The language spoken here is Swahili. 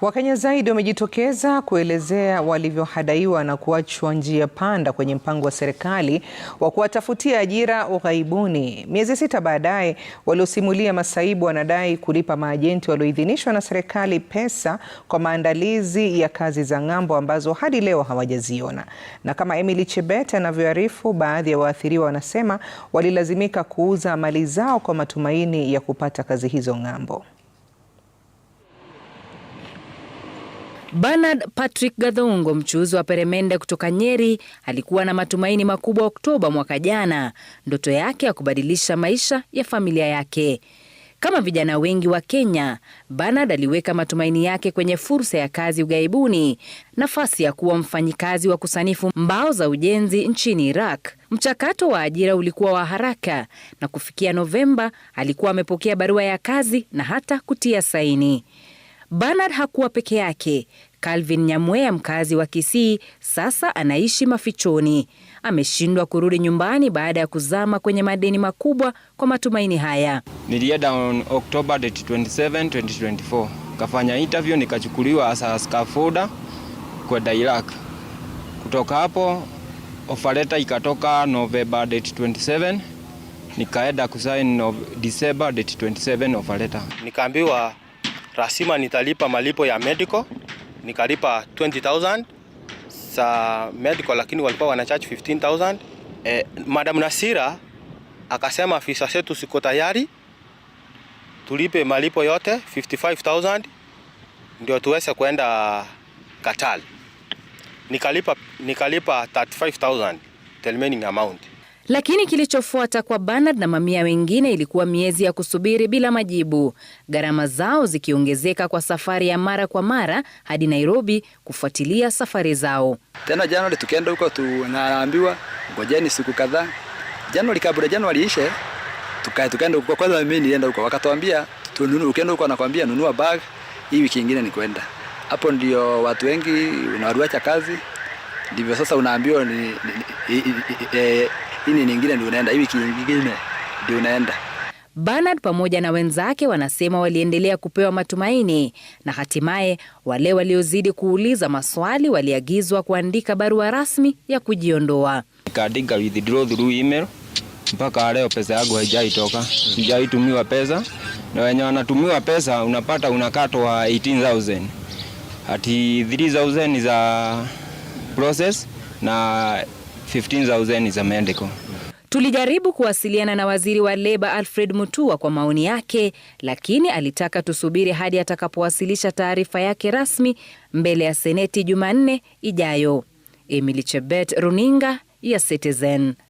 Wakenya zaidi wamejitokeza kuelezea walivyohadaiwa na kuachwa njia panda kwenye mpango wa serikali wa kuwatafutia ajira ughaibuni. Miezi sita baadaye, waliosimulia masaibu wanadai kulipa maajenti walioidhinishwa na serikali pesa kwa maandalizi ya kazi za ng'ambo ambazo hadi leo hawajaziona. Na kama Emily Chebet anavyoarifu, baadhi ya waathiriwa wanasema walilazimika kuuza mali zao kwa matumaini ya kupata kazi hizo ng'ambo. Bernard Patrick Gathongo, mchuuzi wa peremende kutoka Nyeri, alikuwa na matumaini makubwa Oktoba mwaka jana, ndoto yake ya kubadilisha maisha ya familia yake. Kama vijana wengi wa Kenya, Bernard aliweka matumaini yake kwenye fursa ya kazi ughaibuni, nafasi ya kuwa mfanyikazi wa kusanifu mbao za ujenzi nchini Iraq. Mchakato wa ajira ulikuwa wa haraka na kufikia Novemba alikuwa amepokea barua ya kazi na hata kutia saini. Bernard hakuwa peke yake. Calvin Nyamwea, mkazi wa Kisii, sasa anaishi mafichoni. Ameshindwa kurudi nyumbani baada ya kuzama kwenye madeni makubwa. Kwa matumaini haya, nilienda on October 27, 2024 kafanya interview nikachukuliwa as scaffolder kwenda Iraq. Kutoka hapo ofareta ikatoka November 27, nikaenda kusaini December 27 ofareta, nikaambiwa rasima nitalipa malipo ya medical, nikalipa 20000 za medical, lakini walikuwa wanacharge 15000. Eh, Madam Nasira akasema afisa zetu siko tayari tulipe malipo yote 55000 ndio tuweze kwenda katal Nikalipa nikalipa 35000 remaining amount. Lakini kilichofuata kwa Bernard na mamia wengine ilikuwa miezi ya kusubiri bila majibu, gharama zao zikiongezeka kwa safari ya mara kwa mara hadi Nairobi kufuatilia safari zao. Tena Januari tukienda huko, tunaambiwa ngojeni siku kadhaa. Januari kabla Januari ishe, tukaenda huko kwanza, mimi nilienda huko, wakatuambia ukienda huko, anakwambia nunua bag hii, wiki ingine ni kwenda hapo. Ndio watu wengi unawaacha kazi, ndivyo sasa unaambiwa ni, ni, ni, ni, ni, ni, ini nyingine ndio unaenda hivi kingine ndio unaenda. Bernard pamoja na wenzake wanasema waliendelea kupewa matumaini na hatimaye wale waliozidi kuuliza maswali waliagizwa kuandika barua rasmi ya kujiondoa. Nikaandika withdraw through email mpaka leo pesa yangu haijaitoka, sijaitumiwa pesa, na wenye wanatumiwa pesa unapata unakatwa 18000 ati 3000 za process na 15,000 is a medical. Tulijaribu kuwasiliana na waziri wa leba Alfred Mutua kwa maoni yake, lakini alitaka tusubiri hadi atakapowasilisha taarifa yake rasmi mbele ya seneti Jumanne ijayo. Emily Chebet, runinga ya Citizen.